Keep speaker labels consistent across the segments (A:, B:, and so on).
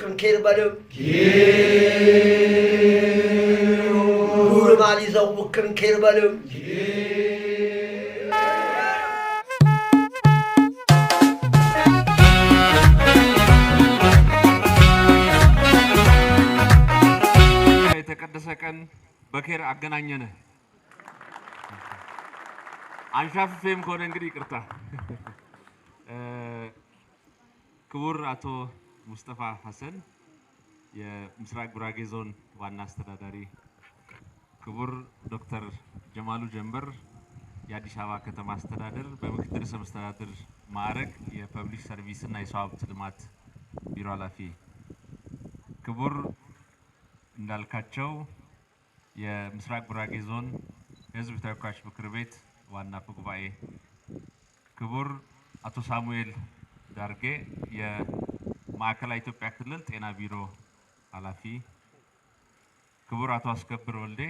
A: ክንኬርበልም ጉርማን ይዘው ክንኬርበልም
B: የተቀደሰ ቀን በኬር አገናኘነ። አንሻፍፌም ከሆነ እንግዲህ ይቅርታ። ክቡር አቶ ሙስጠፋ ሀሰን የምስራቅ ጉራጌ ዞን ዋና አስተዳዳሪ፣ ክቡር ዶክተር ጀማሉ ጀንበር የአዲስ አበባ ከተማ አስተዳደር በምክትል ርዕሰ መስተዳድር ማዕረግ የፐብሊክ ሰርቪስ እና የሰው ሀብት ልማት ቢሮ ኃላፊ፣ ክቡር እንዳልካቸው የምስራቅ ጉራጌ ዞን የህዝብ ተወካዮች ምክር ቤት ዋና አፈ ጉባኤ፣ ክቡር አቶ ሳሙኤል ዳርጌ ማዕከላዊ ኢትዮጵያ ክልል ጤና ቢሮ ኃላፊ ክቡር አቶ አስከብር ወልዴ፣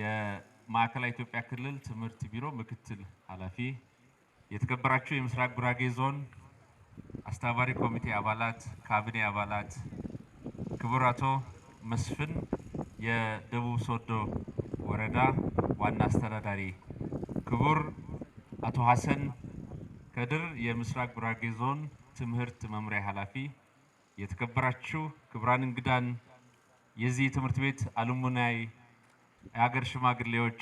B: የማዕከላዊ ኢትዮጵያ ክልል ትምህርት ቢሮ ምክትል ኃላፊ፣ የተከበራችሁ የምስራቅ ጉራጌ ዞን አስተባባሪ ኮሚቴ አባላት፣ ካቢኔ አባላት፣ ክቡር አቶ መስፍን የደቡብ ሶዶ ወረዳ ዋና አስተዳዳሪ፣ ክቡር አቶ ሀሰን ከድር የምስራቅ ጉራጌ ዞን ትምህርት መምሪያ ኃላፊ፣ የተከበራችሁ ክቡራን እንግዳን፣ የዚህ ትምህርት ቤት አልሙናይ፣ የሀገር ሽማግሌዎች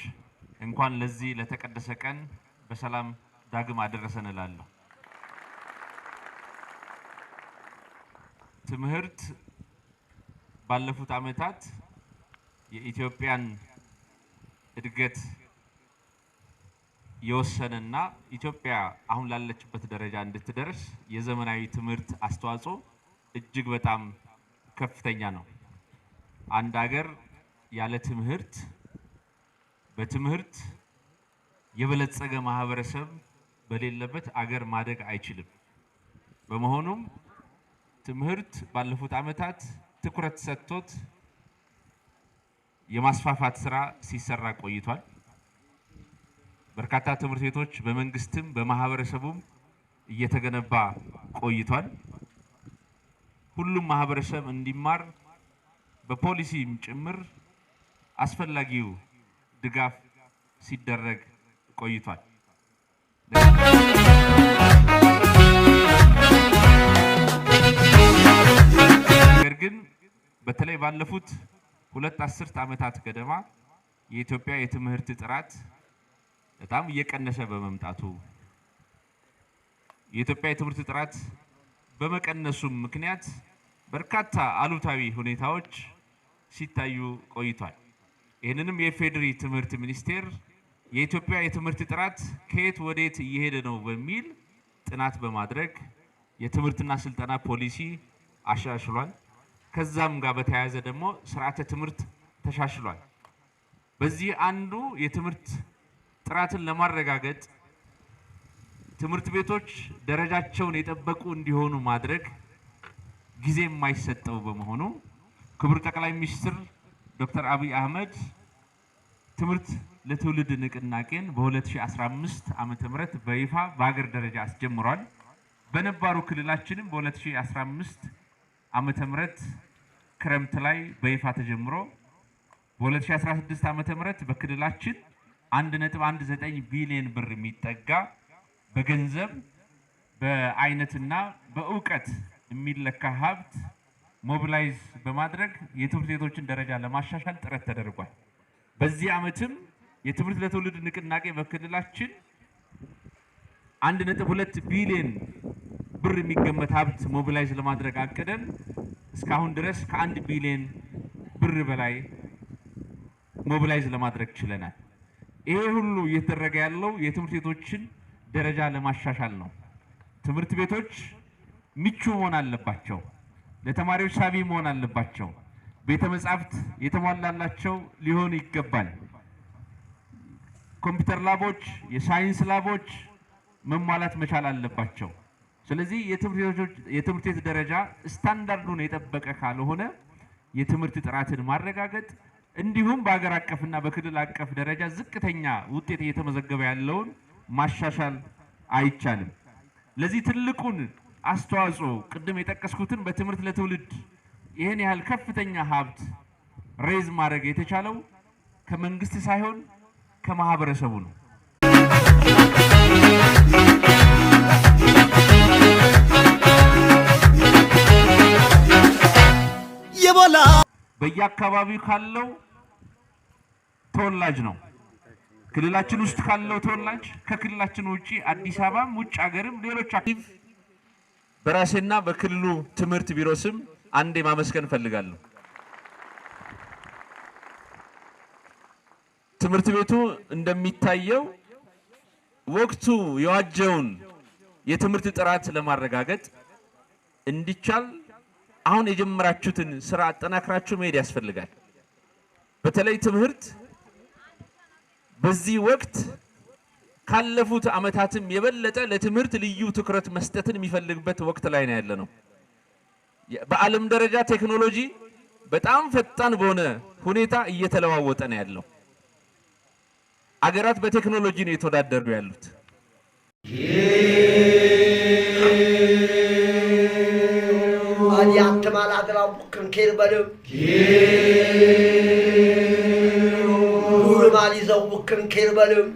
B: እንኳን ለዚህ ለተቀደሰ ቀን በሰላም ዳግም አደረሰን እላለሁ። ትምህርት ባለፉት ዓመታት የኢትዮጵያን እድገት የወሰነና ኢትዮጵያ አሁን ላለችበት ደረጃ እንድትደርስ የዘመናዊ ትምህርት አስተዋጽኦ እጅግ በጣም ከፍተኛ ነው። አንድ ሀገር ያለ ትምህርት በትምህርት የበለጸገ ማህበረሰብ በሌለበት አገር ማደግ አይችልም። በመሆኑም ትምህርት ባለፉት ዓመታት ትኩረት ሰጥቶት የማስፋፋት ስራ ሲሰራ ቆይቷል። በርካታ ትምህርት ቤቶች በመንግስትም በማህበረሰቡም እየተገነባ ቆይቷል። ሁሉም ማህበረሰብ እንዲማር በፖሊሲም ጭምር አስፈላጊው ድጋፍ ሲደረግ ቆይቷል። ነገር ግን በተለይ ባለፉት ሁለት አስርት ዓመታት ገደማ የኢትዮጵያ የትምህርት ጥራት በጣም እየቀነሰ በመምጣቱ የኢትዮጵያ የትምህርት ጥራት በመቀነሱም ምክንያት በርካታ አሉታዊ ሁኔታዎች ሲታዩ ቆይቷል። ይህንንም የፌዴሪ ትምህርት ሚኒስቴር የኢትዮጵያ የትምህርት ጥራት ከየት ወዴት እየሄደ ነው በሚል ጥናት በማድረግ የትምህርትና ስልጠና ፖሊሲ አሻሽሏል። ከዛም ጋር በተያያዘ ደግሞ ስርዓተ ትምህርት ተሻሽሏል። በዚህ አንዱ የትምህርት ጥራትን ለማረጋገጥ ትምህርት ቤቶች ደረጃቸውን የጠበቁ እንዲሆኑ ማድረግ ጊዜ የማይሰጠው በመሆኑ ክቡር ጠቅላይ ሚኒስትር ዶክተር አብይ አህመድ ትምህርት ለትውልድ ንቅናቄን በ2015 ዓ.ም በይፋ በሀገር ደረጃ አስጀምሯል። በነባሩ ክልላችንም በ2015 ዓመተ ምህረት ክረምት ላይ በይፋ ተጀምሮ በ2016 ዓመተ ምህረት በክልላችን አንድ ነጥብ አንድ ዘጠኝ ቢሊዮን ብር የሚጠጋ በገንዘብ በአይነትና በእውቀት የሚለካ ሀብት ሞቢላይዝ በማድረግ የትምህርት ቤቶችን ደረጃ ለማሻሻል ጥረት ተደርጓል። በዚህ ዓመትም የትምህርት ለትውልድ ንቅናቄ በክልላችን አንድ ነጥብ ሁለት ቢሊዮን ብር የሚገመት ሀብት ሞቢላይዝ ለማድረግ አቅደን እስካሁን ድረስ ከአንድ ቢሊዮን ብር በላይ ሞቢላይዝ ለማድረግ ችለናል። ይሄ ሁሉ እየተደረገ ያለው የትምህርት ቤቶችን ደረጃ ለማሻሻል ነው። ትምህርት ቤቶች ምቹ መሆን አለባቸው። ለተማሪዎች ሳቢ መሆን አለባቸው። ቤተ መጻሕፍት የተሟላላቸው ሊሆን ይገባል። ኮምፒውተር ላቦች፣ የሳይንስ ላቦች መሟላት መቻል አለባቸው። ስለዚህ የትምህርት ቤት ደረጃ ስታንዳርዱን የጠበቀ ካልሆነ የትምህርት ጥራትን ማረጋገጥ እንዲሁም በሀገር አቀፍና በክልል አቀፍ ደረጃ ዝቅተኛ ውጤት እየተመዘገበ ያለውን ማሻሻል አይቻልም። ለዚህ ትልቁን አስተዋጽኦ ቅድም የጠቀስኩትን በትምህርት ለትውልድ ይህን ያህል ከፍተኛ ሀብት ሬዝ ማድረግ የተቻለው ከመንግስት ሳይሆን ከማህበረሰቡ ነው። በየአካባቢው ካለው ተወላጅ ነው። ክልላችን ውስጥ ካለው ተወላጅ ከክልላችን ውጭ አዲስ አበባም ውጭ ሀገርም ሌሎች በራሴና በክልሉ ትምህርት ቢሮ ስም አንዴ ማመስገን እፈልጋለሁ። ትምህርት ቤቱ እንደሚታየው ወቅቱ የዋጀውን የትምህርት ጥራት ለማረጋገጥ እንዲቻል አሁን የጀመራችሁትን ስራ አጠናክራችሁ መሄድ ያስፈልጋል። በተለይ ትምህርት በዚህ ወቅት ካለፉት ዓመታትም የበለጠ ለትምህርት ልዩ ትኩረት መስጠትን የሚፈልግበት ወቅት ላይ ነው ያለ ነው። በዓለም ደረጃ ቴክኖሎጂ በጣም ፈጣን በሆነ ሁኔታ እየተለዋወጠ ነው ያለው። አገራት በቴክኖሎጂ ነው የተወዳደሩ ያሉት።
A: ያንተማል አገራ ሙክን ኬር በደም ቃል ይዘው ውክርን ኬርበልም